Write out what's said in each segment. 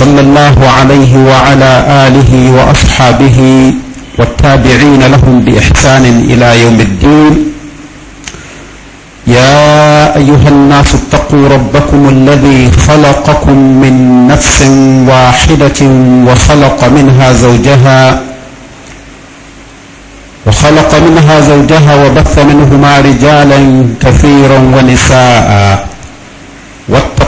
صلى الله عليه وعلى آله وأصحابه والتابعين لهم بإحسان إلى يوم الدين يا أيها الناس اتقوا ربكم الذي خلقكم من نفس واحدة وخلق منها زوجها وخلق منها زوجها وبث منهما رجالا كثيرا ونساء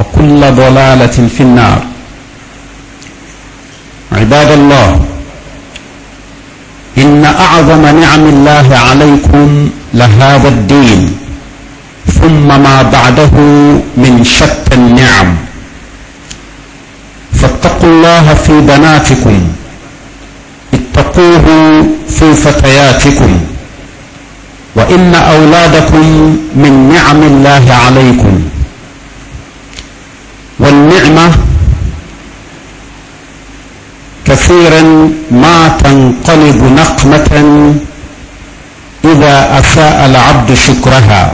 وكل ضلالة في النار عباد الله إن أعظم نعم الله عليكم لهذا الدين ثم ما بعده من شتى النعم فاتقوا الله في بناتكم اتقوه في فتياتكم وإن أولادكم من نعم الله عليكم كثيرا ما تنقلب نقمة إذا أفاء العبد شكرها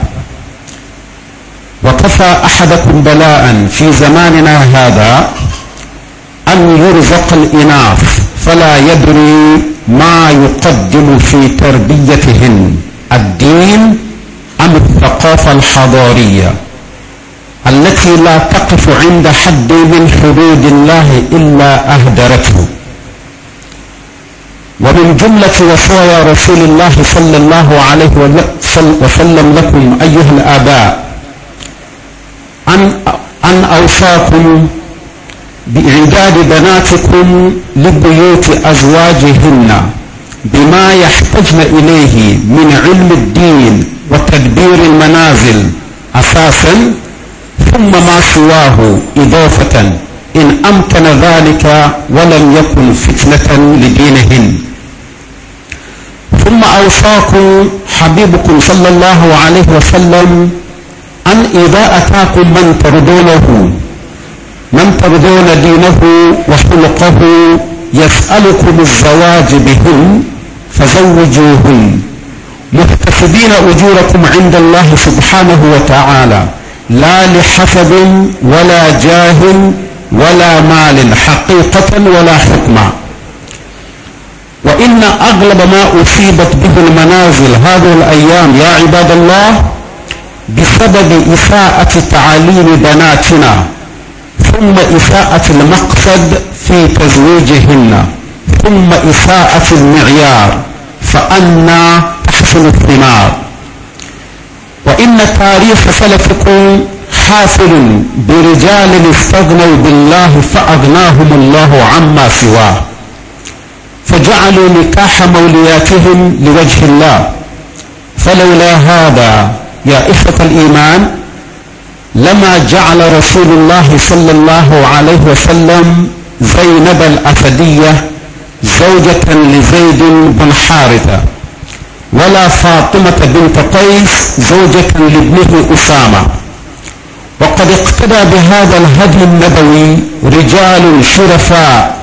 وكفى أحدكم بلاء في زماننا هذا أن يرزق الإناث فلا يدري ما يقدم في تربيتهن الدين أم الثقافة الحضارية التي لا تقف عند حد من حدود الله إلا أهدرته ومن جملة وصايا رسول الله صلى الله عليه وسلم لكم أيها الآباء أن أن أوصاكم بإعداد بناتكم لبيوت أزواجهن بما يحتجن إليه من علم الدين وتدبير المنازل أساسا ثم ما سواه إضافة إن أمكن ذلك ولم يكن فتنة لدينهن ثم أوصاكم حبيبكم صلى الله عليه وسلم أن إذا أتاكم من ترضونه من ترضون دينه وخلقه يسألكم الزواج بهن فزوجوهن محتسبين أجوركم عند الله سبحانه وتعالى لا لحسب ولا جاه ولا مال حقيقة ولا حكمة وإن أغلب ما أصيبت به المنازل هذه الأيام يا عباد الله بسبب إساءة تعاليم بناتنا ثم إساءة المقصد في تزويجهن ثم إساءة المعيار فأنا تحسن الثمار وإن تاريخ سلفكم حافل برجال استغنوا بالله فأغناهم الله عما سواه فجعلوا نكاح مولياتهم لوجه الله فلولا هذا يا إخوة الإيمان لما جعل رسول الله صلى الله عليه وسلم زينب الأسدية زوجة لزيد بن حارثة ولا فاطمة بنت قيس زوجة لابنه أسامة وقد اقتدى بهذا الهدي النبوي رجال شرفاء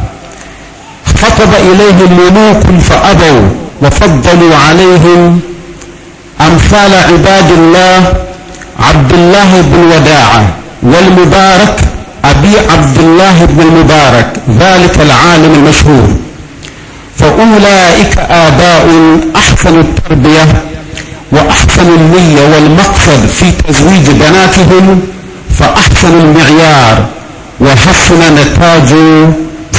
خطب إليهم ملوك فأبوا وفضلوا عليهم أمثال عباد الله عبد الله بن وداعة والمبارك أبي عبد الله بن المبارك ذلك العالم المشهور فأولئك آباء أحسن التربية وأحسن النية والمقصد في تزويج بناتهم فأحسن المعيار وحسن نتاج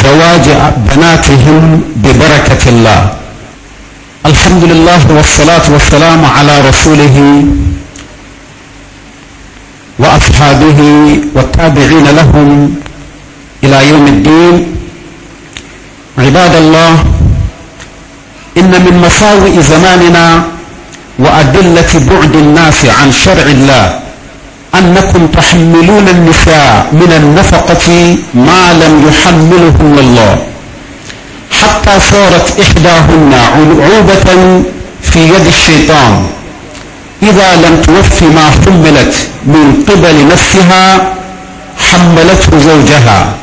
زواج بناتهم ببركة الله الحمد لله والصلاة والسلام على رسوله وأصحابه والتابعين لهم إلى يوم الدين عباد الله إن من مساوئ زماننا وأدلة بعد الناس عن شرع الله أنكم تحملون النساء من النفقة ما لم يحملهن الله حتى صارت إحداهن عوبة في يد الشيطان إذا لم توف ما حملت من قبل نفسها حملته زوجها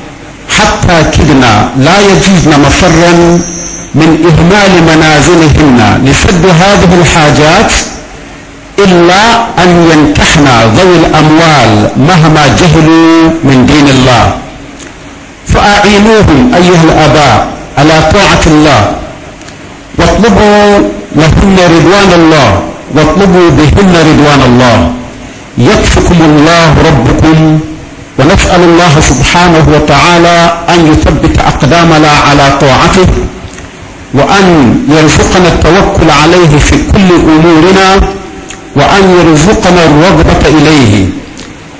حتى كدنا لا يجوزن مفرا من إهمال منازلهن لسد هذه الحاجات إلا أن يمتحن ذوي الأموال مهما جهلوا من دين الله فأعينوهم أيها الآباء على طاعة الله واطلبوا لهن رضوان الله واطلبوا بهن رضوان الله يكفكم الله ربكم ونسأل الله سبحانه وتعالى أن يثبت أقدامنا على طاعته وأن يرزقنا التوكل عليه في كل أمورنا وأن يرزقنا الرغبة إليه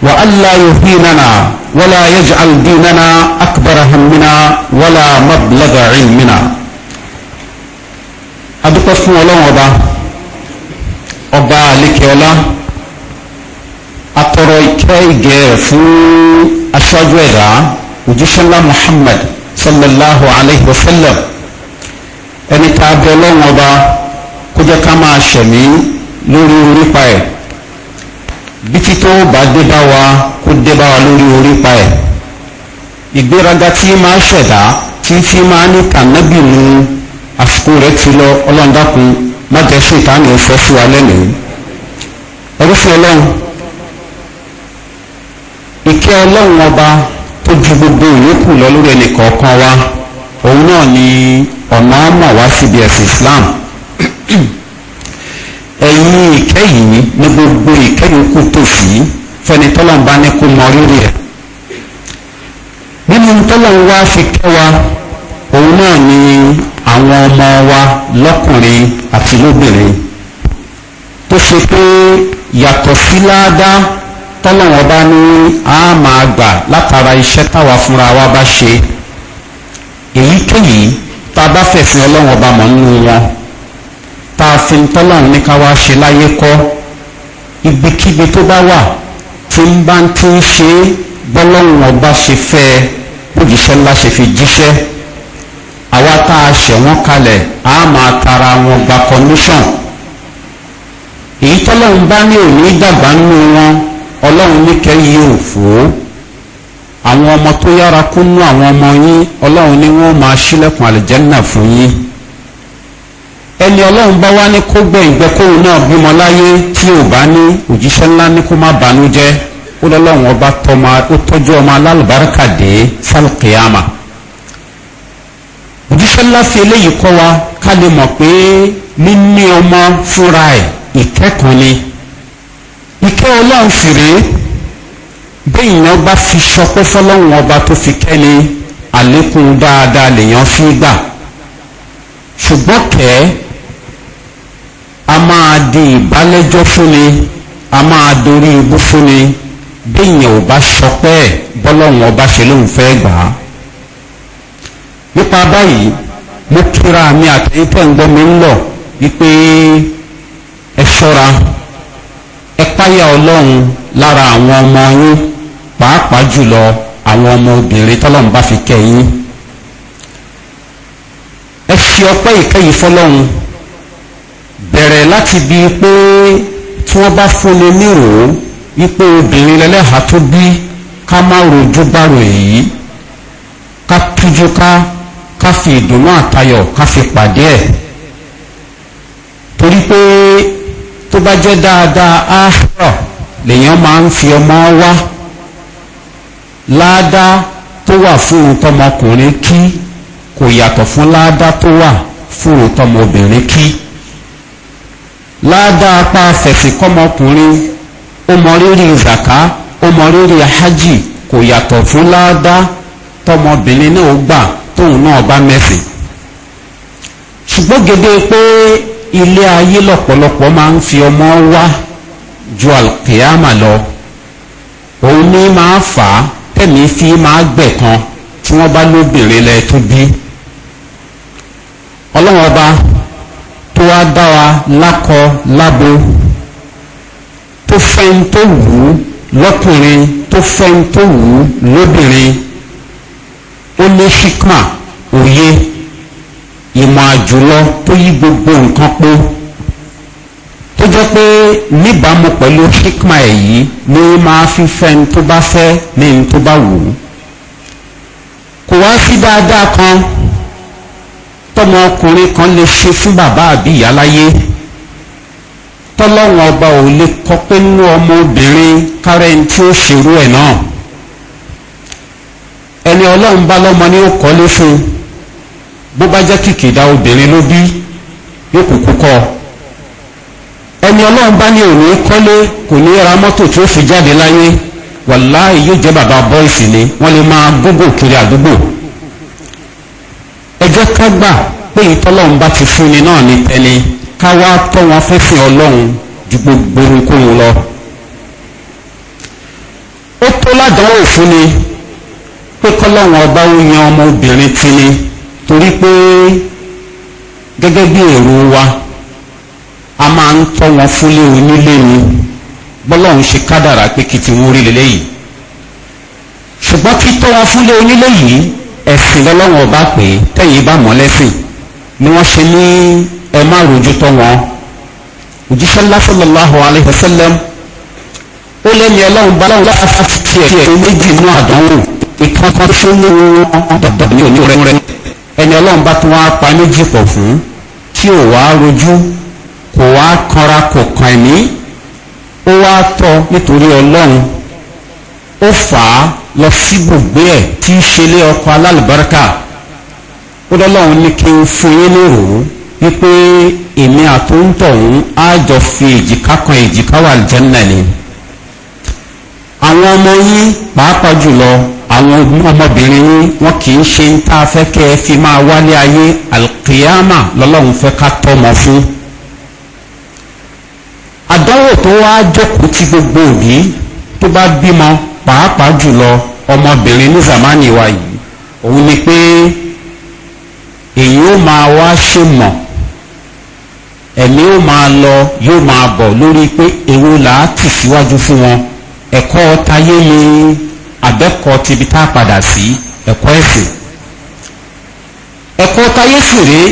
وألا يهيننا ولا يجعل ديننا أكبر همنا ولا مبلغ علمنا adúpẹ́ fún ọlọ́run ọba ọba àlékèọlá atọrọ ìkẹ́ ìgẹ̀ rẹ̀ fún aṣáájú ẹ̀dá òjíṣẹ́ ńlá muhammad sallallahu alayhi wa sallam ẹni tá a bẹ ọlọ́run ọba kó jẹ́ ká máa ṣẹ̀mí lórí orípa ẹ̀ bí títọ́ bá dé bá wa kó dé bá wa lórí orípa ẹ̀ ìgbéraga tí máa ṣẹ̀dá tí tí máa ní kànábì mu àsìkò rẹ̀ ti lọ ọlọ́ndàkùn májẹ̀ sí ìtàn ìfẹ́ sí wa lẹ́nìí ẹ̀rú fún ọlọ́run ìkẹ́ ọlọ́run ọba tó ju gbogbo ìyókù lọ lórí ẹnì wa òun náà ni ọ̀nà àmọ̀ wá síbi ẹ̀sìn Islam ẹ̀yin ìkẹ́ yìí ní gbogbo ìkẹ́ yòókù tó fi fẹ́ni tọ́lọ̀ ń bá ní kó mọ rírì ẹ̀ nínú tọ́lọ̀ ń wá fi kẹ́ wa òun náà ni àwọn ọmọ wa lọ́kùnrin àti lóbìnrin tó ṣe pé yàtọ̀ sí ládàá tọ́lọ̀ wọn bá ní a máa gbà látara iṣẹ́ táwa fúnra wa bá ṣe èyíkéyìí tá a bá fẹ̀sìn ọlọ́wọ́n ọba mọ̀ nínú wọn. tá a fi ń tọ́lọ́run ní ká wá ṣe láyé kọ́ ibikíbi tó bá wà tí ṣe bọ́lọ́run ọba ṣe fẹ́ ńlá ṣe fi jíṣẹ́ àwa tá a ṣẹ̀ kalẹ̀ a máa tara wọn gba commission èyí bá ní òní dàgbà wọn ọmọ tó yára kú nú àwọn ọmọ yín wọ́n ẹni ọlọ́run bá wá ní kó gbẹ̀ ìgbẹ́kóhùn náà bímọ láyé tí ò bá ní òjíṣẹ́ ńlá ní kó má bànú jẹ́ ó lọ́lọ́run ọba tọ́jú ọmọ alálùbáríkà dé fálùkìyàmà òjíṣẹ́ ńlá fi eléyìí kọ́ wa ká lè mọ̀ pé níní ọmọ fúnra ẹ̀ ìkẹ́kọ̀ọ́ ni ìkẹ́ ọlọ́run sì rèé béèyàn bá fi ṣọpẹ́ fọlọ́run ọba tó fi kẹ́ni àlékún dáadáa lèèyàn fi gbà ṣùgbọ́n kẹ́ẹ́ máa di ìbálẹ́jọ́ fúnni a máa dorí ibú fúnni bíyàn ò bá sọpẹ́ ẹ̀ bọ́lọ́hún ọba ṣe lóun fẹ́ gbà á. nípa báyìí mo kíra mi àtẹ̀yìn tó ń gbọ́ mi ń lọ wípé ẹ ṣọ́ra ẹ páyà ọlọ́run lára àwọn ọmọ yín pàápàá jùlọ àwọn ọmọ obìnrin tọ́lọ́run bá fi kẹ́ yín. ẹ fi ọpẹ́ ìkẹyìn fọlọ́run bẹ̀rẹ̀ láti bi pé tí wọ́n bá fúnni nírò wípé obìnrin lẹ́lẹ́hà tó bí ká má rojú gbàrò èyí ká tújú ká ká fi ìdùnnú àtayọ̀ ká fi pàdé ẹ̀ torí pé tó bá jẹ́ dáadáa áhùrọ̀ lèèyàn máa ń fi ọmọ wá láádá tó wà fún ohun kí kò yàtọ̀ fún láádá tó wà fún ohun tọmọbìnrin kí ládàá pa fẹ̀sìn kọ́mọkùnrin ó mọ rírì zaka ó mọ rírì hajj kò yàtọ̀ fún ládàá tọmọbìnrin náà ó gbà tóun náà bá mẹ́sìn ṣùgbọ́n gèdè pé ilé ayé lọ́pọ̀lọpọ̀ máa ń fi ọmọ wá ju alkiyama lọ òun ní máa fà á tẹ̀mí fi máa gbẹ̀kan tí wọ́n bá lóbìnrin lẹ bí ọlọ́run ọba kó wá dá wa lákọ lábo tó fẹ́ni tó wù ú lọ́kùnrin tó fẹ́ni tó wù ú lóbìnrin ó ní hikma òye ìmọ̀ àjùlọ tó yí gbogbo nǹkan pé tó jẹ́ pé níbàámu pẹ̀lú hikma ẹ̀ yìí ló máa fi fẹ́ni tó bá fẹ́ ní ní tó bá wù kò wá sí dáadáa kan. tọmọ ọkùnrin kan lè ṣe fún bàbá àbí ìyá láyé tọ́lọ́wọ́n ọba ò lè kọ pé nínú ọmọbìnrin karịa tí ó ṣerú ẹ̀ náà ẹni ọlọ́run bá lọ́mọ ní ó kọ́lé fún bó bá jẹ́ kìkìdá obìnrin ló bí yóò kúkú ẹni ọlọ́run bá ní òní kọ́lé kò ní ra mọ́tò tí ó fi ẹjọ́ ká gbà pé ìtọ́lọ́run bá ti fúnni náà ní tẹni ká wá tọ́ wọn fífún ọlọ́run ju gbogbo ohunkóhun lọ. ó tó ládánwò fún ni pé kọ́lọ́run ọba ó yan ọmọbìnrin tini torí pé gẹ́gẹ́ bí èrò wa a máa ń tọ́ wọn fúnlé onílé ni bọ́lọ́run ṣe kádàrá pé kìtìwọ́n rí lélẹ́yìí ṣùgbọ́n kí tọ́ wọn fúnlé onílé yìí ẹ̀sìn lọ́lọ́wọ́n bá pè é tẹ̀yìn bá mọ̀ lẹ́sìn ni wọ́n ṣe ní ẹ má rojú tọ́ wọn òjíṣẹ́ lásìlọ́láhùn aláìsẹ́lẹ́m ó lẹ́ni ẹlọ́run bá lọ́wọ́ láti ti ẹ̀ tó méjì inú àdánwò ìkan kan tó ní wọn dàdà ní òní rẹ ẹni ọlọ́run bá tún wá pa méjì pọ̀ fún tí ò wá rojú kò wá kanra kò kàn mí ó wá tọ́ nítorí ọlọ́run ó fà á lọ sí gbogbo ẹ̀ tí í ṣe lé ọkọ alálùbáríkà ó lọ́lọ́run ní kí n fún yín lérò wípé èmi àtúntọ̀hún á jọ fi èjìká kan èjìká wà jẹ́nà ni àwọn ọmọ yín pàápàá jùlọ àwọn ọmọbìnrin yín wọn kì í ṣe ń tá a fẹ́ kẹ́ ẹ fi máa wálé ayé alkiyama lọ́lọ́run fẹ́ ká tọmọ fún àdánwò tó wá jókòó ti gbogbo òbí tó bá bímọ pàápàá jùlọ ọmọbìnrin ní zamani wa yìí òun ni pé èyí ó máa wá ṣe mọ̀ ẹ̀mí ó máa lọ yóò máa bọ̀ lórí pé èwo là á tì síwájú fún wọn ẹ̀kọ́ tayé ni àbẹ́kọ̀ tibi tá a padà sí ẹ̀kọ́ ẹ̀sìn ẹ̀kọ́ tayé sì rèé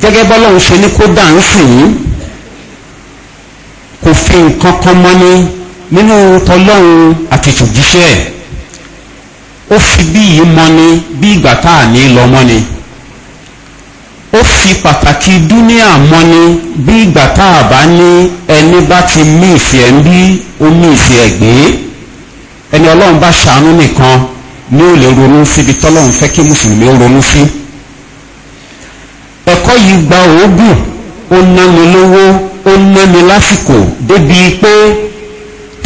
gẹ́gẹ́ bọ́lọ́run ṣe ní kó dà ń sìn yín kò fi nǹkan kan mọ́ ní nínú tọlọ́run àti tòjíṣẹ́ ẹ̀ ó fi bí yìí mọ́ni bí ìgbà tá à ní lọ mọ́ni ó fi pàtàkì dúníà mọ́ni bí ìgbà tá a bá ní ẹni bá ti mí ìfì ẹ̀ ń bí ó mí ìfì ẹ̀ gbé ẹni ọlọ́run bá ṣàánú nìkan ní ò lè ronú síbi tọ́lọ́run fẹ́ kí mùsùlùmí ó ronú sí ẹ̀kọ́ yìí gba òógùn ó náni lówó ó náni lásìkò débi pé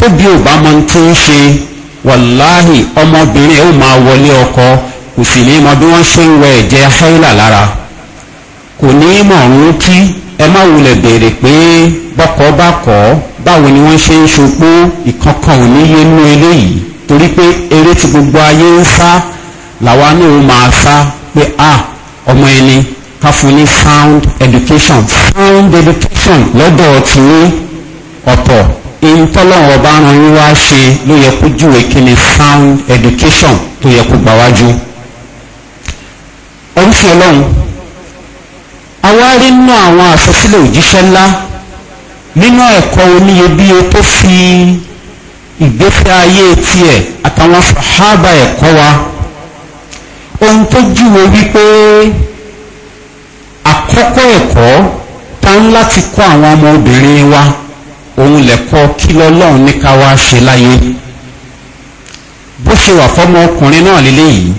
bóbi ò bá mọ tí ń ṣe wàláhì ọmọbìnrin ó máa wọlé ọkọ kò sì ní mọ bí wọ́n ṣe ń wẹ ẹ̀jẹ̀ haila lára kò ní mọ̀rún kí ẹ má wulẹ̀ béèrè pé bọ́kọ bá kọ́ báwo ni wọ́n ṣe ń ṣopó ìkankan ò ní yé nú eléyìí torí pé eré tí gbogbo ayé ń sá làwa náà ó máa sá pé a ọmọ ẹni ká fún ní sound education sound education lọ́dọ̀ tí ọ̀tọ̀ in tọ́lọ́wọ́ bá ran yín wá ṣe ló yẹ kó júwe kí ni education tó yẹ kó gbà wájú. oríṣi ọlọ́run awárí nínú àwọn àsọsílẹ̀ òjíṣẹ́ ńlá nínú ẹ̀kọ́ oníyebíye tó fi ìgbésẹ̀ ayé tiẹ̀ àtàwọn sàhábà ẹ̀kọ́ wa ohun tó júwe wípé àkọ́kọ́ ẹ̀kọ́ ta láti kọ́ àwọn ọmọ wa òun lẹ̀kọ́ kí lọ́lọ́run ní ká wá ṣe láyé bó ṣe wà fọmọ ọkùnrin náà lélẹ́yìí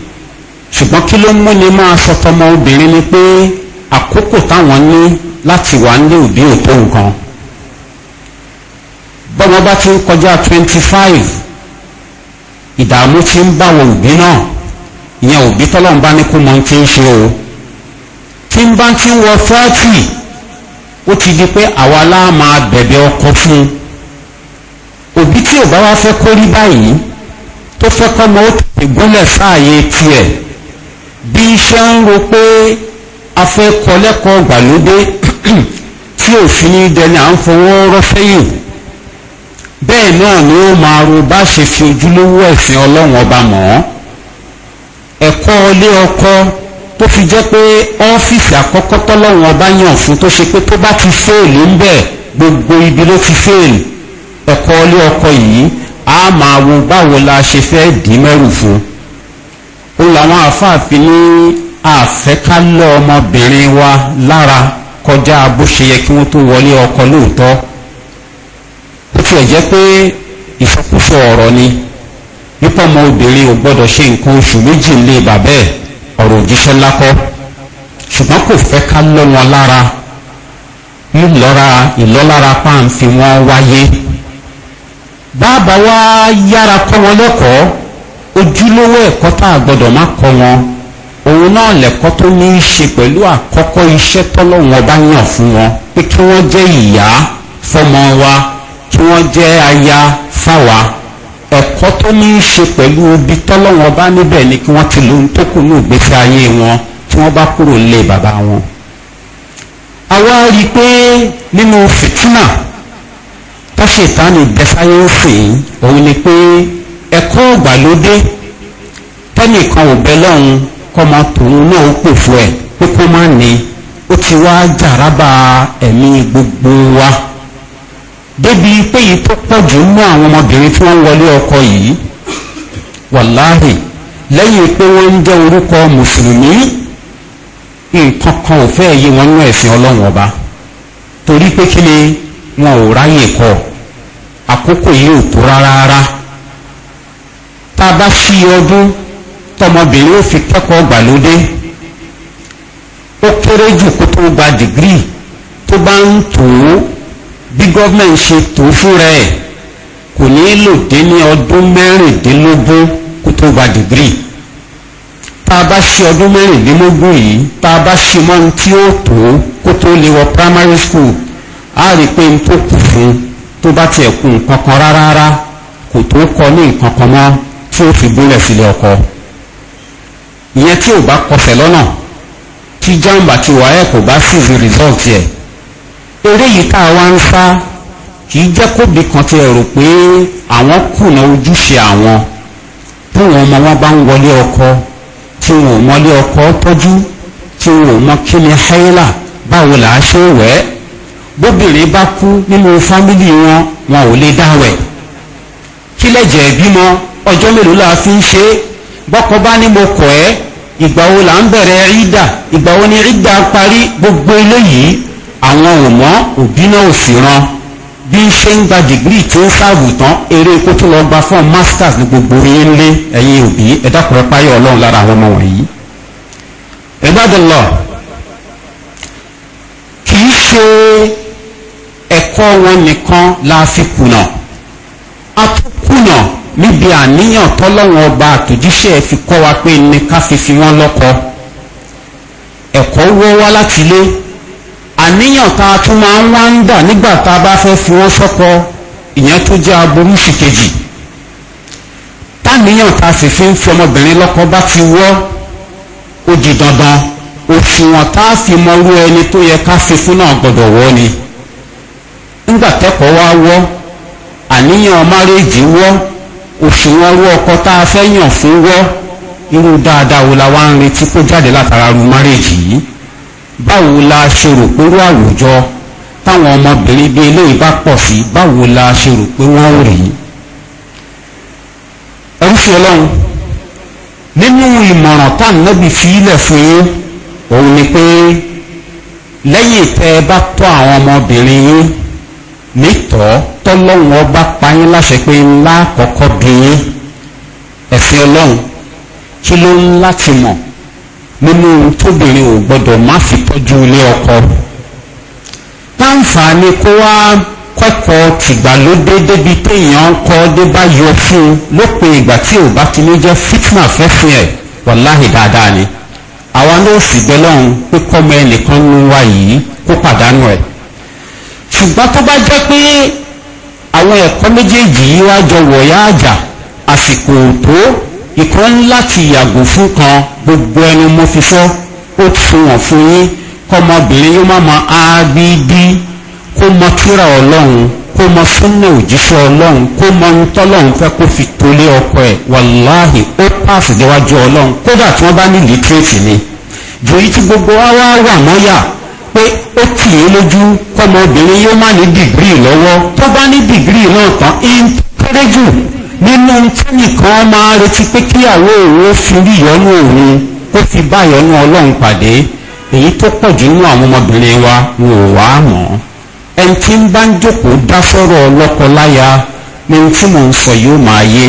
ṣùgbọ́n kí ló múni máa sọ fọmọ obìnrin ni pé àkókò táwọn ní láti wà nílé òbí òtó nǹkan bọ́mọ bá ti ń kọjá twenty five ìdààmú ti ń báwọ òbí náà ìyẹn òbí tọ́lọ́run bá ní kó mọ ti ń ṣe o tí ń bá ti ń wọ thirty ó ti di pé àwa la máa bẹ̀bẹ̀ ọkọ fún un òbí tí ò bá wá fẹ́ kórí báyìí tó fẹ́ kọ́mọ ó tètè gúnlẹ̀ sáàyè tiẹ̀ bí iṣẹ́ ń ro pé a fẹ́ kọ́ lẹ́kọ̀ọ́ gbàlódé tí òfin dẹni à ń fọwọ́ rọ́fẹ́yìn bẹ́ẹ̀ náà ni ó máa ro bá ṣe fi ojúlówó ẹ̀sìn ọlọ́run ọba mọ́ ẹ̀kọ́ ilé ọkọ tó fi jẹ́ pé ọ́fíìsì àkọ́kọ́ tọ́lọ́run ọba yàn fún tó ṣe pé tó bá ti fèèlì ń bẹ̀ gbogbo ibi ló ti fèèlì ẹ̀kọ́ ilé ọkọ yìí a máa wo báwo la ṣe fẹ́ dì mẹ́rù fún ó làwọn àfáàfin ní àfẹ́kálẹ̀ ọmọbìnrin wa lára kọjá bó ṣe yẹ kí wọ́n tó wọlé ọkọ lóòótọ́ ó tiẹ̀ jẹ́ pé ìfọkúsọ ọ̀rọ̀ ni nípa ọmọ obìnrin ò gbọ́dọ̀ ṣe nǹkan oṣù méjì lé bàbá ọ̀rọ̀ òjíṣẹ́ ńlá kọ́ ṣùgbọ́n kò fẹ́ ká lọ́ wọn lára ìlọ́ra ìlọ́lára pa ń fi wọ́n wáyé bàbá wa yára kọ́ wọn lẹ́kọ̀ọ́ ojúlówó ẹ̀kọ́ tá a gbọ́dọ̀ má kọ́ wọn òun náà lẹ́kọ́ tó ní í ṣe pẹ̀lú àkọ́kọ́ iṣẹ́ tọ́lọ́wọ́n bá yàn fún wọn pé kí wọ́n jẹ́ ìyá fọmọ wa kí wọ́n jẹ́ aya fáwa ẹ̀kọ́ tó ní í ṣe pẹ̀lú ibi tọ́lọ́wọ́n bá níbẹ̀ ni kí wọ́n ti lóun tó kù ní ògbésí ayé wọn tí wọ́n bá kúrò nílé bàbá wọn. àwa rí i pé nínú fìtínà tọ́ṣetánì bẹ́sáyẹ́ǹsì òun ni pé ẹ̀kọ́ ọ̀gbàlódé tẹ́nìkan ò bẹ́ lọ́hùn kọ́mọ tòun náà ó pò fún ẹ̀ pé kó má ní ó ti wá jàrábà ẹ̀mí gbogbo wa débi pé yìí tó pọ̀jù mú àwọn ọmọbìnrin tí wọ́n wọlé ọkọ yìí wàláhì lẹ́yìn pé wọ́n ń jẹ́ orúkọ mùsùlùmí nǹkan kan ò fẹ́ yé wọn nú ẹ̀sìn ọlọ́run ọba torí pé kí ni wọn ò ráyè kọ àkókò yìí ò tó rárá tá a bá fi ọdún tọmọbìnrin ó fi kẹ́kọ̀ọ́ gbàlódé ó kéré jù kó tó gba dìgírì tó bá ń tòó bí gọ́ọ̀mẹ̀ntì ṣe tó fúnra ẹ̀ kò ní lò dé ní ọdún mẹ́rìndínlógún kó tó gba dìgírì tá a bá ṣe ọdún mẹ́rìndínlógún yìí tá a bá ṣe mọ́ ohun tí ó tó kó tó lè wọ primary school á rí i pé n tó kù fún tó bá tiẹ̀ kù nǹkan kan rárá rárá kò tó kọ ní nǹkan kan mọ́ tí ó fi gúnlẹ̀ sílé ọkọ ìyẹn tí ò bá kọsẹ̀ lọ́nà tí jàǹbá ti wà ẹ̀ kò bá sì rí result ere yi tá a wá ń sá kì í jẹ́ kóbi kan ti rò pé àwọn kùnà ojúṣe àwọn tí wọn ọmọ wọn bá ń wọlé ọkọ tí wọn ò mọlé ọkọ tọ́jú tí wọn ò mọ kí ni haila báwo là á ṣe wẹ̀ bóbìnrin bá kú nínú fámìlì wọn wọn ò lè dáwẹ̀ kí lẹ́jẹ̀ bímọ ọjọ́ mélòó la fi ń ṣe bọ́kọ bá ní mo kọ̀ ẹ́ ìgbà wo là ń bẹ̀rẹ̀ ìgbà wo ni rídà parí gbogbo eléyìí àwọn ò mọ́ òbí náà ò sì ran bí ń ṣe ń gba dìgírì tí ń sáàbù tán eré epo tó lọ gba fún masters ní gbogbo yín lé ẹ̀yin òbí ẹ dákun ẹ páyọ̀ ọlọ́run lára àwọn ọmọ wọ̀nyí. ibadallah kì í ṣe ẹ̀kọ́ wọn nìkan la fi kùnà a tún kùnà níbi àníyàn tọ́lọ́wọ́n ọba àtòjíṣẹ́ fi kọ́ wa pé ní ká fi fi wọ́n lọ́kọ ẹ̀kọ́ wọ́ wá láti ilé àníyàn tá a tún máa ń wá ń dà nígbà tá a bá fẹ́ fi wọ́n sọ́kọ ìyẹn tó jẹ́ aboríṣi kejì táníyàn tá a sì fi ń fi ọmọbìnrin lọ́kọ bá ti wọ́ ó di dandan òṣùwọ̀n tá a fi mọrú ẹni tó yẹ ká fi fún náà gbọ́dọ̀ wọ́ ni nígbà tẹ́kọ̀ọ́ wá wọ́ àníyàn márèèjì wọ́ òṣùwọ̀n rú ọkọ tá a fẹ́ yàn fún wọ́ irú dáadáa wo la wá ń retí kó jáde látara ru márèèjì yìí báwo la ṣe rò pé wọ́n àwùjọ táwọn ọmọbìnrin bíi eléyìí bá pọ̀ sí báwo la ṣe rò pé wọ́n rí i. ẹrú fi ọlọ́run nínú ìmọ̀ràn tá ànábì fi ilẹ̀ fún yín òun ni pé lẹ́yìn tẹ́ ẹ bá tọ́ àwọn ọmọbìnrin yín nítọ́ tọ́lọ́run ọba pa láṣẹ pé ńlá àkọ́kọ́ bí yín ẹ̀sìn ọlọ́run kí ló ń láti mọ̀ nínú tóbìnrin ò gbọ́dọ̀ má fi tọ́jú ilé ọkọ láǹfààní kó wá kọ́kọ́ tìgbàlódé débi téèyàn ń kọ́ dé bá yọ fún un lópin ìgbà tí ò bá ti ní jẹ́ fitna fẹ́fin ẹ̀ wàláhì dáadáa ni àwa náà sì bẹ lọ́hùn pé kọ́mọ ẹnìkan ń wá yìí kó pàdánù ẹ̀ ṣùgbọ́n tó bá jẹ́ pé àwọn ẹ̀kọ́ méjèèjì yìí wá jọ wọ̀yá àjà àsìkò tó ìkan láti yàgò fún kan gbogbo ẹnu mo fi fọ́ ó fihàn fún yín kọmọbìnrin yóò má ma áábí bí kó mọ kíra ọlọ́run kó mọ súnà òjíṣẹ́ ọlọ́run kó mọ ohun tọ́lọ́run fẹ́ kó fi tolé ọkọ ẹ̀ wàláhì ó pàṣẹ déwájú ọlọ́run kódà tí wọ́n bá ní lítírèsì ni jòyí tí gbogbo wa wá wà mọ́yà pé ó tì í lójú kọmọbìnrin yóò má ní dìgírì lọ́wọ́ tó bá ní dìgírì náà tán ń nínú tẹ́nìkan máa retí pé kíyàwó òun fi rí ìyọnu òun kó fi bá ìyọnu ọlọ́run pàdé èyí tó pọ̀ jù nínú àwọn ọmọbìnrin wa wò wá mọ̀ ẹni tí ń bá ń jókòó dáfọ́rọ̀ ọlọ́kọláya ni tí mò ń sọ yóò máa yé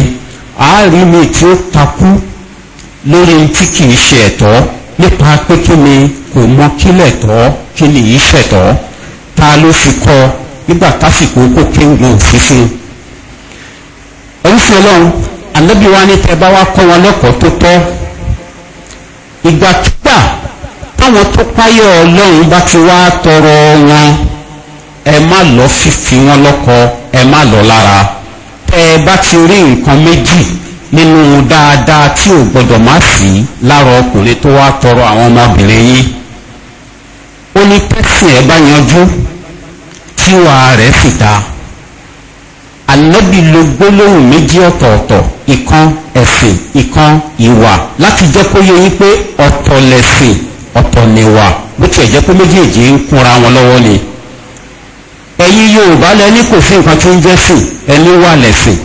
àárín mi tí ó takú lórí tí kì í ṣe ẹ̀tọ́ nípa pé kí ni kò mọ kílẹ̀ tọ́ kí ni yìí ta ló fi kọ́ nígbà tásìkò kó kéwòn òfin fún un oríṣi ọlọ́run ànábì wa ní tẹ́ bá wá kọ́ wọn lẹ́kọ̀ọ́ tó tọ́ ìgbàkígbà táwọn tó páyọ̀ ọlọ́run bá ti wá tọrọ wọn ẹ má lọ fífi wọn lọ́kọ ẹ má lọ lára tẹ́ bá ti rí nǹkan méjì nínú dáadáa tí ò gbọdọ̀ má sí lára ọkùnrin tó wá tọrọ àwọn ọmọbìnrin yìí ó ní pẹ́sì ẹ bá yanjú tíwàá rẹ̀ sì dáa ànábì lo gbólóhùn méjì ọ̀tọ̀ọ̀tọ̀ ìkan ẹ̀sìn ìkan ìwà láti jẹ́ kó yẹ yín pé ọ̀tọ̀ lẹ̀sìn ọ̀tọ̀ nìwà bó tiẹ̀ jẹ́ pé méjèèjì ń kúnra wọn lọ́wọ́ ni ẹ̀yin yorùbá lẹ́ni kò sí nǹkan tó ń jẹ́ sìn ẹni wà lẹ̀sìn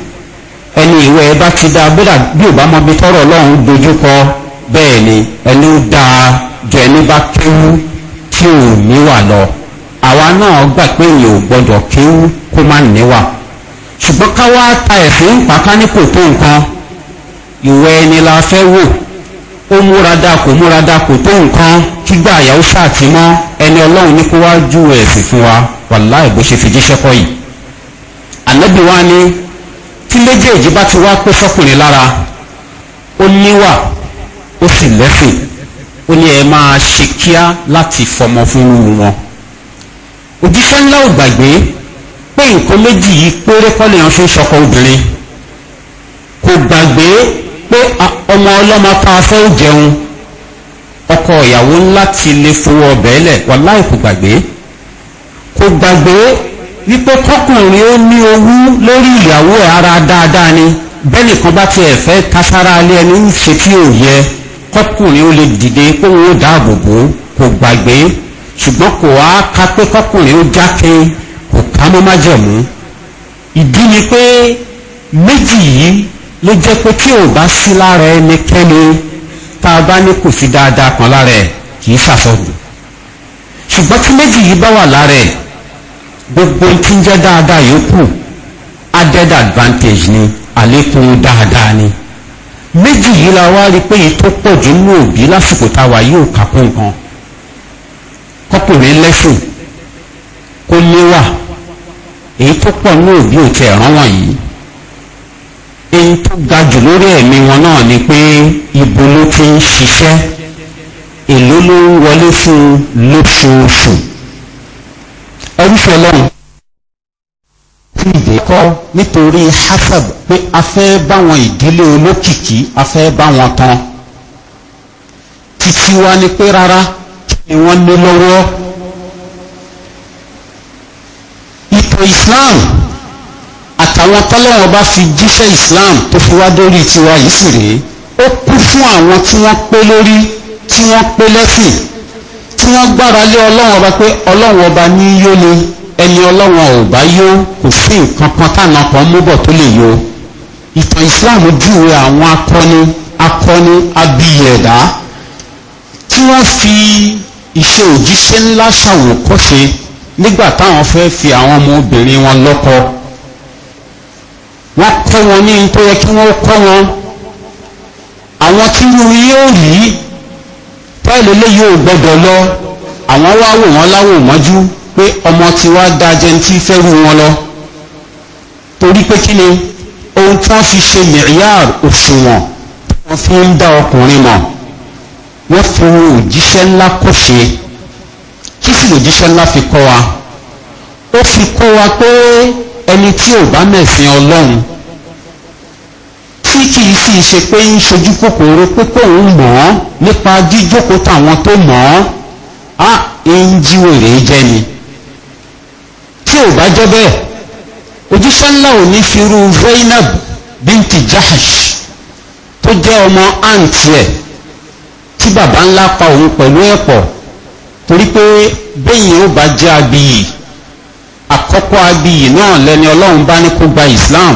ẹni ìwé ẹ bá ti dáa bódà bí ò bá mọ bí tọrọ ọlọ́run dojúkọ bẹ́ẹ̀ ni ẹni ó dáa jọ ẹni bá kéwú tí ò níwà lọ àwa náà gbà pé èèyàn ò gbọdọ̀ kéwú kó má níwà ṣùgbọ́n ká wá ta ẹ̀fín ńpa ká ní kò tó nǹkan ìwẹ ẹni la fẹ́ wò ó múra dá kò múra dá kò tó nǹkan kígbà àyàwó ṣáàtì mọ́ ẹni ọlọ́run ní kó wá ju ẹ̀sìn fún wa wàláì bó ṣe fi jíṣẹ́ kọ́ yìí ànábì wa ni tí méjèèjì bá ti wá pé sọ́kùnrin lára ó níwà ó sì lẹ́sìn ó ní ẹ máa ṣe kíá láti fọmọ fún wọn òjíṣẹ́ ńlá ò gbàgbé pé nǹkan méjì yìí péré kọ́lé yàn fi ń ṣọkọ obìnrin kò gbàgbé pé ọmọ ọlọ́mọ tá a fẹ́ jẹun ọkọ ìyàwó láti lè fowó ọbẹ̀ lẹ̀ wà láì kò gbàgbé kò gbàgbé wípé kọkùnrin ó ní owú lórí ìyàwó ara dáadáa ni bẹ́ẹ̀ nìkan bá tiẹ̀ fẹ́ tasára alẹ́ ẹni ń ṣe tí ò yẹ kọkùnrin ó lè dìde pé òun ó dáàbò bò kò gbàgbé ṣùgbọ́n kò wá ká pé kọkùnrin ó jákè ká mọ́ májẹ̀mú ìdí ni pé méjì yìí ló jẹ́ pé kí ò bá sí lára ẹnikẹ́ni tá a bá ní kò sí dáadáa kan lára ẹ̀ kì í ṣàfọ̀gùn ṣùgbọ́n tí méjì yìí bá wà lára ẹ̀ gbogbo tí ń jẹ́ dáadáa yòókù added advantage ni àlékún dáadáa ni méjì yìí la wá rí pé tó pọ̀ jù nínú òbí lásìkò táwa yóò kà kún nǹkan kọ́kùnrin lẹ́sìn kó léwà èyí tó pọ̀ ní òbí òtẹ ẹ̀rán wọ̀nyí èyí tó ga jù lórí ẹ̀mí wọn náà ni pé ibo ló ti ń ṣiṣẹ́ èló ló ń wọlé fún un lóṣooṣù ẹrúfẹ́ lọ́run tí ìdè kọ́ nítorí hasab pé a fẹ́ báwọn ìdílé olókìkí a fẹ́ báwọn tán títí wa ni pé rárá kí ni wọ́n ní lọ́wọ́. islam àtàwọn tọ́lọ́wọ́n bá fi jíṣẹ́ islam tó fi wá dórí tiwa yìí sì rèé ó kú fún àwọn tí wọ́n pé lórí tí wọ́n pé lẹ́sìn tí wọ́n gbára lé ọlọ́wọ́n ọba pé ọlọ́wọ́n ọba ní yó ni ẹni ọlọ́wọ́n ò bá yó kò sí nǹkan kan táwọn kan mú bọ̀ tó lè yó ìtàn islam júwe àwọn akọni akọni abiyẹ̀dá tí wọ́n fi iṣẹ́ òjíṣẹ́ ńlá ṣàwòkọ́ṣe nígbà táwọn fẹ́ fi àwọn ọmọ obìnrin wọn lọ́kọ wọ́n kọ́ wọn ní tó yẹ kí wọ́n kọ́ wọn àwọn tí wọ́n yóò rí pẹ́ẹ́lú léyìí ò gbọ́dọ̀ lọ àwọn wá wò wọ́n láwò mọ́jú pé ọmọ tí wá da jẹntì fẹ́rù wọn lọ torí pé kí ni ohun tí wọ́n fi ṣe mìíyàr òṣùwọ̀n wọ́n fi ń dá ọkùnrin mọ̀ wọ́n fi òjíṣẹ́ ńlá kò ṣe kí sì lòjíṣẹ́ ńlá fi kọ́ wa ó fi kọ́ wa pé ẹni tí ò bá mẹ̀sìn ọlọ́run tí kì í sì ṣe pé ń ṣojú kòkòrò pé kóun mọ̀ ọ́ nípa jíjókòó táwọn tó mọ̀ ọ́ á ń jíwèrè jẹ́ ni tí ò bá jẹ́ bẹ́ẹ̀ òjíṣẹ́ ńlá ò ní fi irú Zainab bíntì Jahash tó jẹ́ ọmọ àǹtí ẹ̀ tí baba ńlá pa òun pẹ̀lú ẹ̀pọ̀ torí pé bẹ́yìn ó bá jẹ́ abiyì àkọ́kọ́ abiyì náà lẹ́ni ọlọ́run bá ní kó gba islam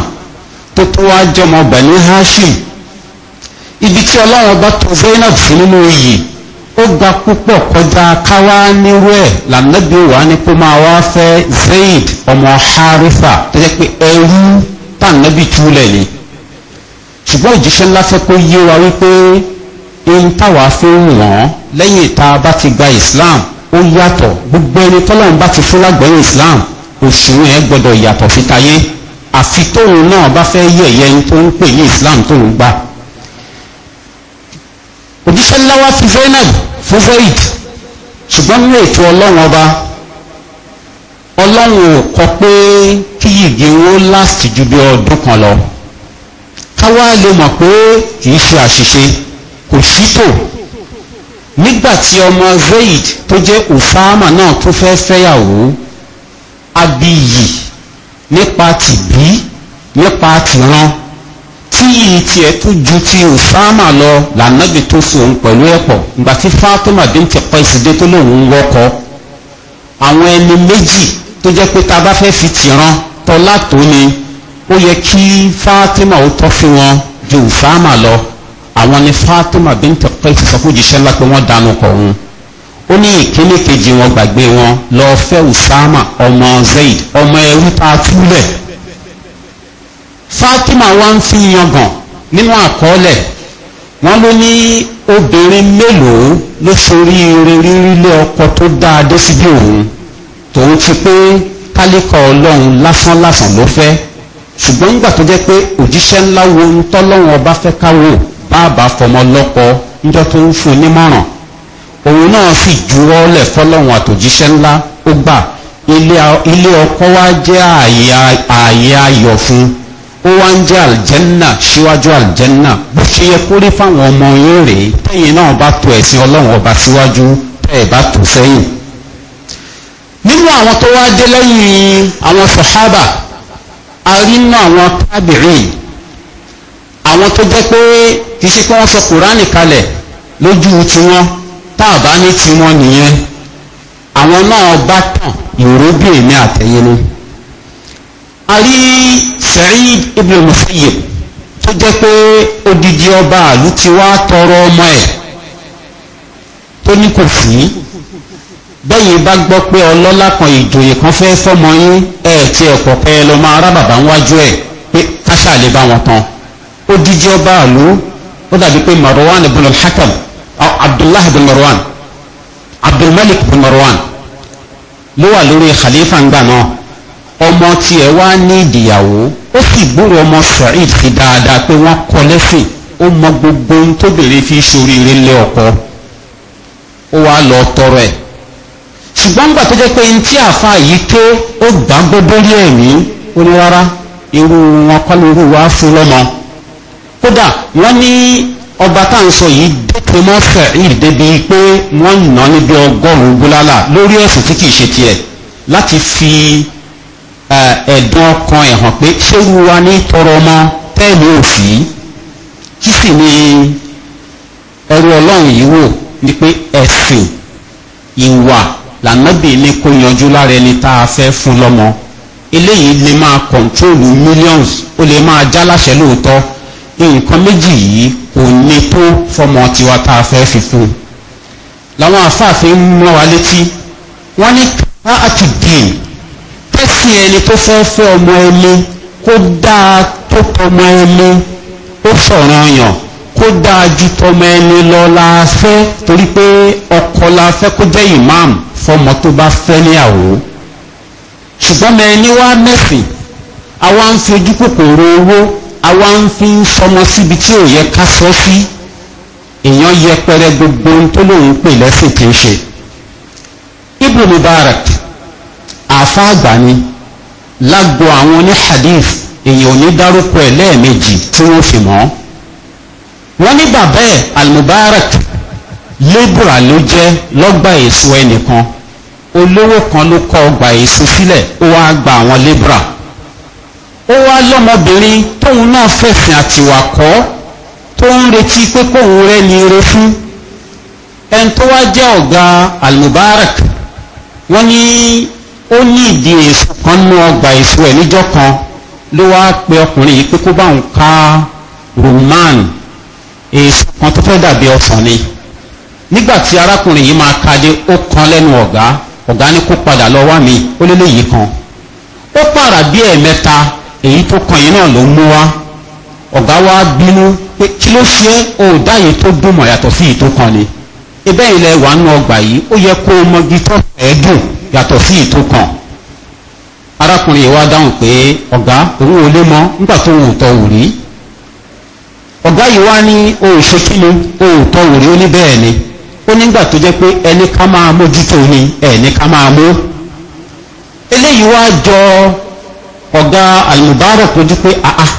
tó tó wá jọmọ bẹ̀lú hashim ibi tí ọlọ́run bá tó zainab sí nínú iyì ó gba púpọ̀ kọjá káwá nírú ẹ̀ lànàbí wà ní kó máa wá fẹ́ zaid ọmọ harifa tó jẹ́ pé ẹrú tànàbí túlẹ̀ ni ṣùgbọ́n òjíṣẹ́ ńlá fẹ́ kó yé wa wípé ohun táwa fi ń wọ́n lẹ́yìn ìta bá ti gba islam ó yàtọ̀ gbogbo ẹni tọ́lọ́run bá ti fún lágbẹ̀yìn islam òṣùwọ̀n ẹ gbọ́dọ̀ yàtọ̀ fi tayé àfi tóun náà bá fẹ́ yẹ̀yẹ́ ẹni tó ń pè ní islam tóun gbà. òjíṣẹ́ láwa fi zainab fún zaid ṣùgbọ́n nínú ètò ọlọ́run ọba ọlọ́run ò kọ pé kí yìgì wọn last ju bí ọdún kan lọ káwá lè mọ̀ pé kì í ṣe àṣìṣe kò sípò nígbà tí ọmọ zayd tó jẹ́ òfáàmà náà tó fẹ́ fẹ́yàwó abiyì nípa tìbí nípa tìran tí yìí tiẹ̀ tó ju ti òfáàmà lọ lànàbì tó so òun pẹ̀lú ẹ̀pọ̀ ìgbà tí fatima binti Qaisi dé tó lòun wọkọ àwọn ẹni méjì tó jẹ́ pé tá a bá fẹ́ fi tìran tọ́lá tó ni ó yẹ kí fatima ó tọ́ fi wọn ju òfáàmà lọ àwọn ni fatima bint qais sọ fún jíṣẹ́ ńlá pé wọ́n dànù kọ̀ wọn ó ní ìkíní kejì wọn gbàgbé wọn lọ́ọ́ fẹ́ usama ọmọ zayd ọmọ ẹrú tá a túlẹ̀ fatima wa ń fi yangàn nínú àkọọ́lẹ̀ wọ́n ló ní obìnrin mélòó ló ṣoríire rírílé ọkọ tó dáa dé síbí òun tòun ti pé kálíkà ọlọ́run lásán lásán ló fẹ́ ṣùgbọ́n nígbà tó jẹ́ pé òjíṣẹ́ ńlá wo ń tọ́lọ́run ọba fẹ́ ká wò bàbá fọmọ lọ́pọ̀ níjọ́ tó ń fún nímọ̀ràn òun náà sì juwọ́ lẹ̀ fọlọ́run àtòjíṣẹ́ ńlá ó gbà ilé ọkọ wa jẹ́ ààyè ayọ̀ fún ó wá ń jẹ́ àlìjẹ́nà síwájú àlìjẹ́nà bó ṣe yẹ kó rí fáwọn ọmọ yín rèé tẹ́yìn náà bá to ẹ̀sìn ọlọ́run ọba síwájú tẹ́ ẹ̀ bá tò sẹ́yìn nínú àwọn tó wá dé lẹ́yìn àwọn sọ̀hábà a rí nínú àwọn tábìrì àwọn tó jẹ́ pé kì í ṣe pé wọ́n sọ kùránì kalẹ̀ lójú tiwọn tá a bá ní tiwọn nìyẹn àwọn náà bá tàn yòróbì èmi àtẹ̀yẹnu. a rí Sa'id ibn Musayyib tó jẹ́ pé odidi ọba àlú ti wá tọrọ ọmọ ẹ̀ tó ní kò fún yín bẹ́yìn bá gbọ́ pé ọlọ́lá kan ìjòyè kan fẹ́ fọ́mọ yín ẹ̀ tí ẹ̀kọ́ pẹ́ lọ máa rá bàbá ń wájú ẹ̀ pé káṣà lè bá wọn tán odidi ọba àlú ó dàbí pé marwan ibn al-hakam abdullah ibn marwan abdulmalik ibn marwan ló wà lórí khalifa ńgbà náà ọmọ tiẹ̀ wá ní ìdìyàwó ó sì gbúrò ọmọ saheed sí dáadáa pé wọ́n kọ lẹ́sìn ó mọ gbogbo ohun tóbìnrin fi ṣoríire lé ọkọ ó wá lọ tọrọ ẹ̀ ṣùgbọ́n gbà tó jẹ́ pé ní àfa yìí ké ó gbàgbọ́ bórí ẹ̀mí ó ní rárá irú wọn kọ́ lórí wàá fún lọ́mọ kódà wọ́n ní ọba tá ń sọ yìí dẹ́kun mọ́ fẹ̀rí débi pé wọ́n nà níbi ọgọ́rùn-ún búlálà lórí ẹ̀sùn tí kìí ṣe tiẹ̀ láti fi ẹ̀dùn ọkàn ẹ̀ hàn pé ṣéwu wa ní tọrọ ọmọ tẹ́ẹ̀mì òfì kí sì ni ẹrú ọlọ́run yìí wò ni pé ẹ̀sìn ìwà lànàbì ni kò yanjú lára ẹni tá a fẹ́ fún lọ́mọ eléyìí lè máa kọ̀ńtróòlù millions ó lè máa já láṣẹ lóòótọ́ nǹkan méjì yìí kò ní tó fọmọ tiwa tá a fẹ́ fi fún un làwọn àfáàfin ń mọ́ wa létí wọ́n ní ká àtìdín tẹ́sí ẹni tó fẹ́ fẹ́ ọmọ ẹni kó dáa tó tọmọ ẹni ó sọ̀rọ̀ yàn kó dáa ju tọmọ ẹni lọ la fẹ́ torí pé ọkọ la fẹ́ kó jẹ́ imam fọmọ tó bá fẹ́ níyàwó ṣùgbọ́n mẹ́ni wá mẹ́sìn àwa ń fi ojú kòkòrò owó àwa ń fi ń sọmọ síbi tí ò yẹ ká sọ sí èèyàn yẹpẹrẹ gbogbo ohun tó lòun pè lẹ́sìn kì í ṣe ibnu mubarak àfa àgbà ni lágbo àwọn oní hadith èèyàn ò ní dárúkọ ẹ̀ lẹ́ẹ̀mejì tí wọ́n fi mọ́ wọ́n ní bàbá ẹ̀ almubarak lébùrà ló jẹ́ lọ́gbà èso ẹnìkan olówó kan ló kọ ọgbà èso sílẹ̀ ó wá gba àwọn lébùrà ó wá lọ́mọbìnrin tóun náà fẹ̀sìn àtiwà kọ́ tó ń retí pé kóun rẹ̀ ní ire fún ẹni tó wá jẹ́ ọ̀gá almubarak wọ́n ní ó ní ìdí èso kan nú ọgbà èso ẹ̀ níjọ́ kan ló wá pe ọkùnrin yìí pé kó bá òun ká roman èso kan tó fẹ́ dàbí ọ̀sán ni nígbà tí arákùnrin yìí máa kadé ó kan lẹ́nu ọ̀gá ọ̀gá ní kó padà lọ wá mi ó lé léyìí kan ó pààrà bí ẹ̀ẹ̀mẹta èyí tó kan yìí náà ló mú wá ọ̀gá wa bínú pé kí ló ṣe o dáyé tó dùnmọ̀ yàtọ̀ sí èyí kan ni ebe ilẹ̀ wà nù ọgbà yìí ó yẹ kó mọgi tó fẹ́ yàtọ̀ sí èyí kan arákùnrin yìí wá dáhùn pé ọ̀gá òun ò lé mọ́ nígbà tó tọ̀ wù rí ọ̀gá yìí wá ní ṣe ni ò tọ̀ wù rí ó ní bẹ́ẹ̀ ni ó nígbà tó jẹ́ pé ẹni ká máa mójútó ni ẹni ká máa mú eléyìí wá jọ ọ̀gá Al-Mubarak lójú pé àá ah,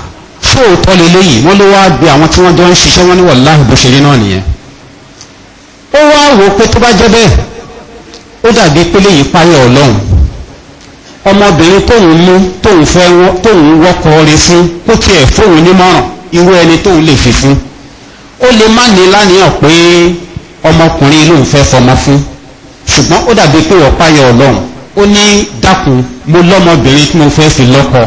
fóòtọ́ ah, leléyìí wọ́n ló wá gbé àwọn tí wọ́n jọ ń ṣiṣẹ́ wọn ní wàláhì bó ṣe rí náà nìyẹn ó wá wò pé tó bá jẹ́ bẹ́ẹ̀ ó dàbí pélé yìí parí ọlọ́run ọmọbìnrin tóun mú tóun fẹ́ tóun wọ́kọ rẹ fún kó tiẹ̀ fóun nímọ̀ràn irú ẹni tóun lè fi fún ó lè má ní lánìyàn pé ọmọkùnrin lòun fẹ́ fọmọ fún ṣùgbọ́n ó dàbí pé ọ̀páyọ ọlọ́run ó ní dákun mo lọ́mọbìnrin tí mo fẹ́ fi lọ́kọ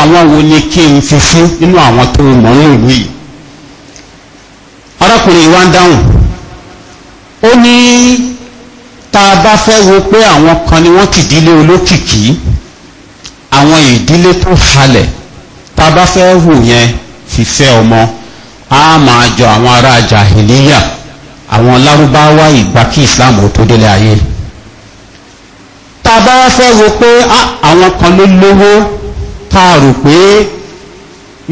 àwọn wo ni kí n fi fún nínú àwọn tó mọ̀ ní ìlú yìí arákùnrin wa ń dáhùn ó ní tá a bá fẹ́ wo pé àwọn kan ni wọ́n kìdílé olókìkí àwọn ìdílé tó halẹ̀ tá a bá fẹ́ wò yẹn fífẹ́ ọmọ a máa jọ àwọn ará jahiliya àwọn lárúbáwá ìgbà kí islam ó tó délé ayé. ta bá fẹ́ wo pé ah, àwọn kan ló lówó ta rò pé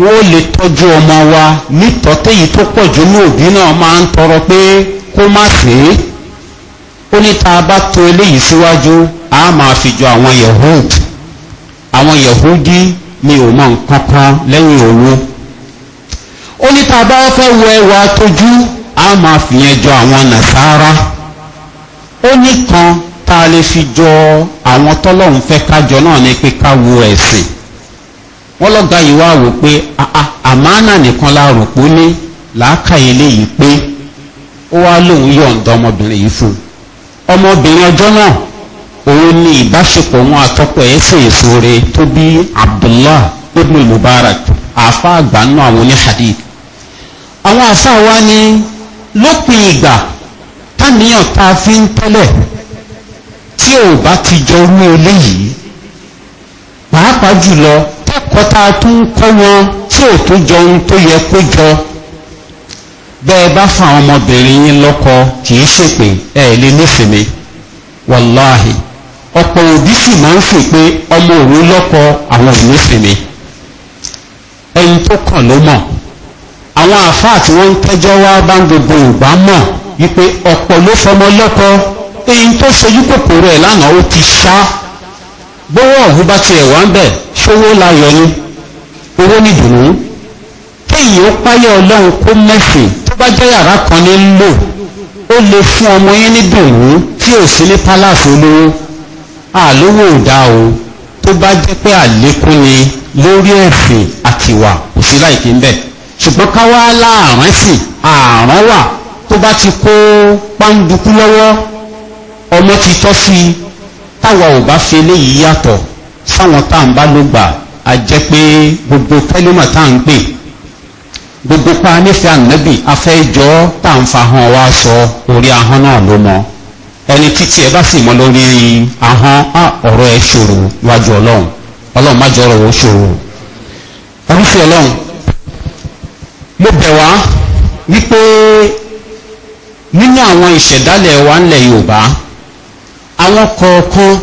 wọ́n lè tọ́jú wa nítọ́tẹ́ yìí tó pọ̀ jù ní òbí náà máa ń tọrọ pé kó má sí ó ní ta bá to eléyìí síwájú a máa fi jọ àwọn yahood àwọn yahudi ni ò mọ nǹkan kan lẹ́yìn owó ó ní a máa jọ àwọn nasara ó tá lè fi jọ àwọn tọ́lọ́hún fẹ́ kájọ náà ni pé ká wo ẹ̀sìn wọ́n lọ́gàá yìí wá wò pé àmánà nìkan la rò pé ó ní làákàyè léyìí pé ó wá lóun yọ̀ǹda ọmọbìnrin yìí fún un ọmọbìnrin ọjọ́ náà òun ni ìbáṣepọ̀ wọn àtọ́pọ̀ ẹ̀sìn ìṣòro tó bí abdullah ibn mubarak àgbà nù àwọn oníhadith àwọn àfa wa ni lópin ìgbà táníyàn tá fi ń tẹ́lẹ̀ ò bá ti jọ orú eléyìí pàápàá jùlọ tẹ́kọ̀ọ́ta tó ń kọ́ wọn tí ò tó jọ ohun tó yẹ kó jọ bẹ́ẹ̀ bá fún àwọn ọmọbìnrin yín lọ́kọ kìí ṣèpè ẹ̀ lè nífẹ̀ẹ́ mi wàláhì ọ̀pọ̀ òbí sì máa ń fè pé ọmọ òun lọ́kọ àwọn ò mi ẹni tó kàn ló mọ̀ àwọn àfáà tí wọ́n ń tẹ́jọ́ wá bá ń gbogbo ìgbà mọ̀ wípé ọ̀pọ̀ ló fọmọ lọ́kọ èyí tó ṣojú kòkòrò ẹ̀ lánàá ó ti ṣá gbówó ọ̀hún bá tiẹ̀ wá ń bẹ̀ ṣówó láyọ̀ ni owó ní dùnú kéyìí ó páyọ̀ ọlọ́run kó mẹ́sìn tó bá jẹ́ yàrá kan ní ń lò ó lè fún ọmọ yín ní dùnú tí ò sí ní pálásì olówó àlówó ò dá o tó bá jẹ́ pé àlékún ni lórí ẹ̀sìn àtiwà kò sí láìpé ń bẹ̀ ṣùgbọ́n ká wá láàrín sí àárán wà tó bá ti kó páńdukú lọ́wọ́ ọmọ ti tọ́ sí i táwa ò bá fi eléyìí yàtọ̀ sáwọn tá à ń bá ló gbà á jẹ́ pé gbogbo kẹ́límà tá à ń pè gbogbo pa nífẹ̀ẹ́ ànábì afẹ́jọ́ tá à ń fa ahọ́n wa sọ orí ahọ́n náà ló mọ ẹni títí ẹ bá sì mọ lórí ahọ́n á ọ̀rọ̀ ẹ ṣòro wájú ọlọ́run ọlọ́run má jọ ọ̀rọ̀ wò ṣòro oríṣi ọlọ́run mo bẹ̀ wá wípé nínú àwọn ìṣẹ̀dálẹ̀ wa ńlẹ̀ yorùbá àwọn kọ̀ọ̀kan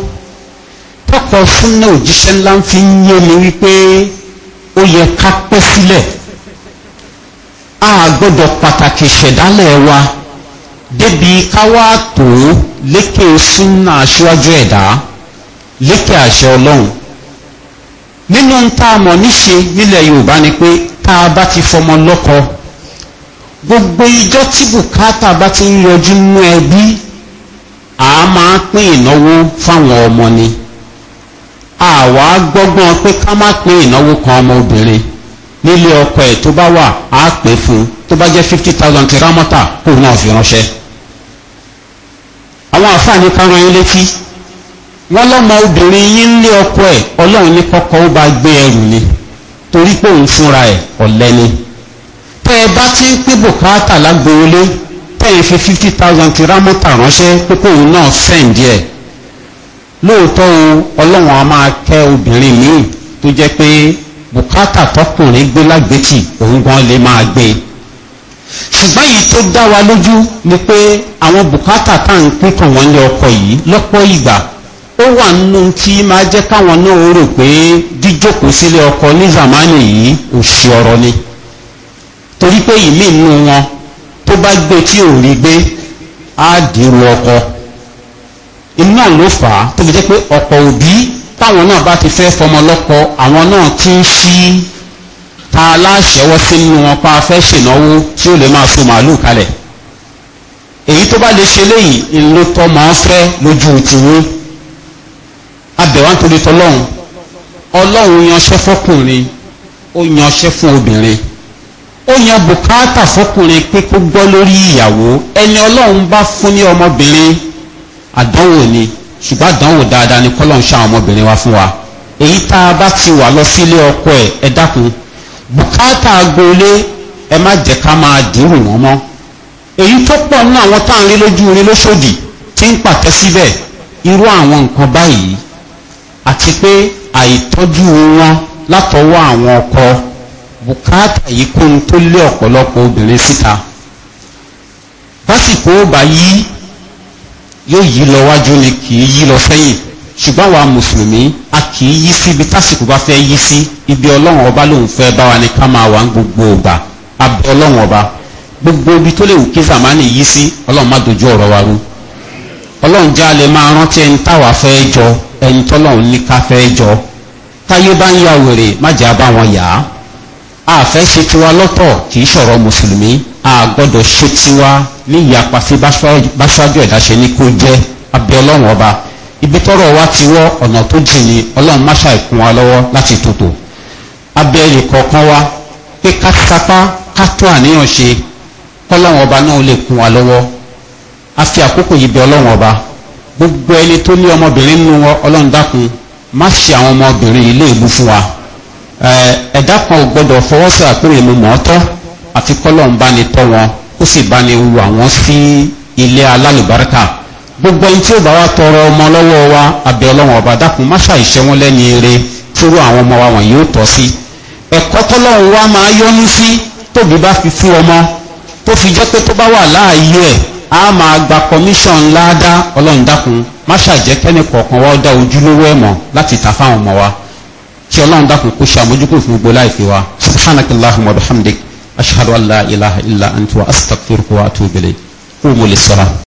tọ́pọ̀ súnmọ́ òjíṣẹ́ ńlá ń fi ń yé mi wípé ó yẹ ká pẹ́ sílẹ̀ a gbọ́dọ̀ pàtàkì ìṣẹ̀dálẹ̀ wa débi káwá tó lékè súnmọ́ aṣíwájú ẹ̀dá lékè àṣẹ ọlọ́run nínú ń tá a mọ̀ níṣe nílẹ̀ yorùbá ni pé tá a bá ti fọmọ lọ́kọ gbogbo ijọ́ tí bùkátà bá ti ń yọjú nínú ẹbí a máa pín ìnáwó fáwọn ọmọ ni àwa gbọ́gbọ́n pé ká má pín ìnáwó kan ọmọ obìnrin nílé ọkọ ẹ̀ tó bá wà á pè fún un tó bá jẹ́ fifty thousand tiramọ́tà kó náà fi ránṣẹ́ àwọn àfààní kan ran yín létí wọ́n lọ́mọ obìnrin yín lé ọkọ ẹ̀ ọlọ́run ní kọ́kọ́ ó bá gbé ẹrù ni torí pé òun fúnra ẹ̀ ọ̀lẹ ni tẹ́ ẹ bá ti ń pín bùkátà lágboolé pé fi fifty thousand ti rámọ́tà ránṣẹ́ pé kóun náà sẹ́ǹdì ẹ̀ lóòótọ́ o ọlọ́run a máa kẹ́ obìnrin míì tó jẹ́ pé bùkátà tọkùnrin gbé lágbètì òun gan lè máa gbé ṣùgbọ́n yìí tó dá wa lójú ni pé àwọn bùkátà tá à ń pín kàn wọ́n lé ọkọ̀ yìí lọ́pọ̀ ìgbà ó wà nínú tí máa jẹ́ káwọn náà rò pé jíjókòó sílé ọkọ̀ ní zamani yìí òṣì ọ̀rọ̀ ni torí pé ìmí nínú wọn bó bá gbé tí ò rí gbé á dìrò ọkọ inú náà ló fà á tó fi jẹ́ pé ọ̀pọ̀ òbí táwọn náà bá ti fẹ́ fọmọ lọ́pọ̀ àwọn náà ti ń ṣí ta aláṣẹwọ́ sínú wọn pa fẹ́ ṣènáwó tí ó lè máa so màálù kalẹ̀ èyí tó bá lè ṣe léyìí ló tọ́ máa ń fẹ́ lójú tìyín abẹ̀wá nítorí tọlọ́run ọlọ́run yanṣẹ́ fọkùnrin ó yanṣẹ́ fún obìnrin ó yan bùkátà fọkùnrin pé kó gbọ́ lórí ìyàwó ẹni ọlọ́run bá fún ní ọmọbìnrin àdánwò ni ṣùgbọ́n àdánwò dáadáa ni kọ́lọ́n ṣá ọmọbìnrin wa fún wa èyí tá a bá ti wà lọ sílé ọkọ ẹ ẹ dákun bùkátà agboolé ẹ má jẹ́ ká máa dìrù wọ́n mọ́ èyí tó pọ̀ nínú àwọn tá à ń rí lójú rí lóṣòdì tí ń pàtẹ́ síbẹ̀ irú àwọn nǹkan báyìí àti pé àìtọ́jú wọn látọwọ́ àwọn ọkọ bùkátà yìí kó ń tó lé ọ̀pọ̀lọpọ̀ obìnrin síta básìkò ó bá yí yóò yí lọ wájú ni kì í yí lọ sẹ́yìn ṣùgbọ́n àwa mùsùlùmí a kì í yí sí ibi tásìkò bá fẹ́ yí sí ibi ọlọ́run ọba lòun fẹ́ bá wa ni ká máa wà ń gbogbo ọba abẹ́ ọlọ́run ọba gbogbo ibi tó lè wù kí zamani yí sí ọlọ́run má dojú ọ̀rọ̀ wa rú ọlọ́run já lè máa rántí ẹni táwa fẹ́ jọ ẹni tọ́lọ́run ní ká fẹ́ jọ táyé bá ń ya wèrè má jẹ́ àbá yàá àfẹ́ ṣe tiwa lọ́tọ̀ kì í ṣọ̀rọ̀ mùsùlùmí a gbọ́dọ̀ ṣe tiwa ní ìyapa sí báṣáájú ẹ̀dá ṣe ní kó jẹ́ abẹ́ ọlọ́run ọba ibi tọrọ wa ti wọ ọ̀nà tó jìn ní ọlọ́run máṣá ìkún wa lọ́wọ́ láti tòtò abẹ́ ẹnìkọ̀ọ̀kan wa pé ká sapá ká tó àníyàn ṣe kọ́lọ́run ọba náà lè kún wa lọ́wọ́ a fi àkókò yìí bẹ ọlọ́run ọba gbogbo ẹni tó ní ọmọbìnrin nínú ọlọ́run dákun má ṣe àwọn ọmọbìnrin ilé ìbú fún wa ẹ̀dá kan ò gbọ́dọ̀ fọwọ́ sí àpérè mọ́tọ́ àti kọ́lọ̀ ń bá ní tọ́ wọn ó sì bá ní wù àwọn sí ilé alálùbáríkà gbogbo ẹni tí ó bá wa tọrọ ọmọ lọ́wọ́ wa abẹ́ ọlọ́wọ́n ọba dákun má ṣàìṣẹ́ wọn lẹ́ni eré àwọn ọmọ wa wọ̀nyí ó tọ́ sí ọmọ tó fi jẹ́ pé tó bá wà láàyè ẹ̀ á máa gba ńlá dá ọlọ́run dákun má kẹ́nìkọ̀ọ̀kan ọmọ wa. ti ọlọ́run dákun kó ṣàmójúkò fún gbogbo láìfi wa subhanakallahumma wa bihamdik ashhadu an la ilaha illa anta wa astaghfiruka wa atubu ilayk qumul lis-salah.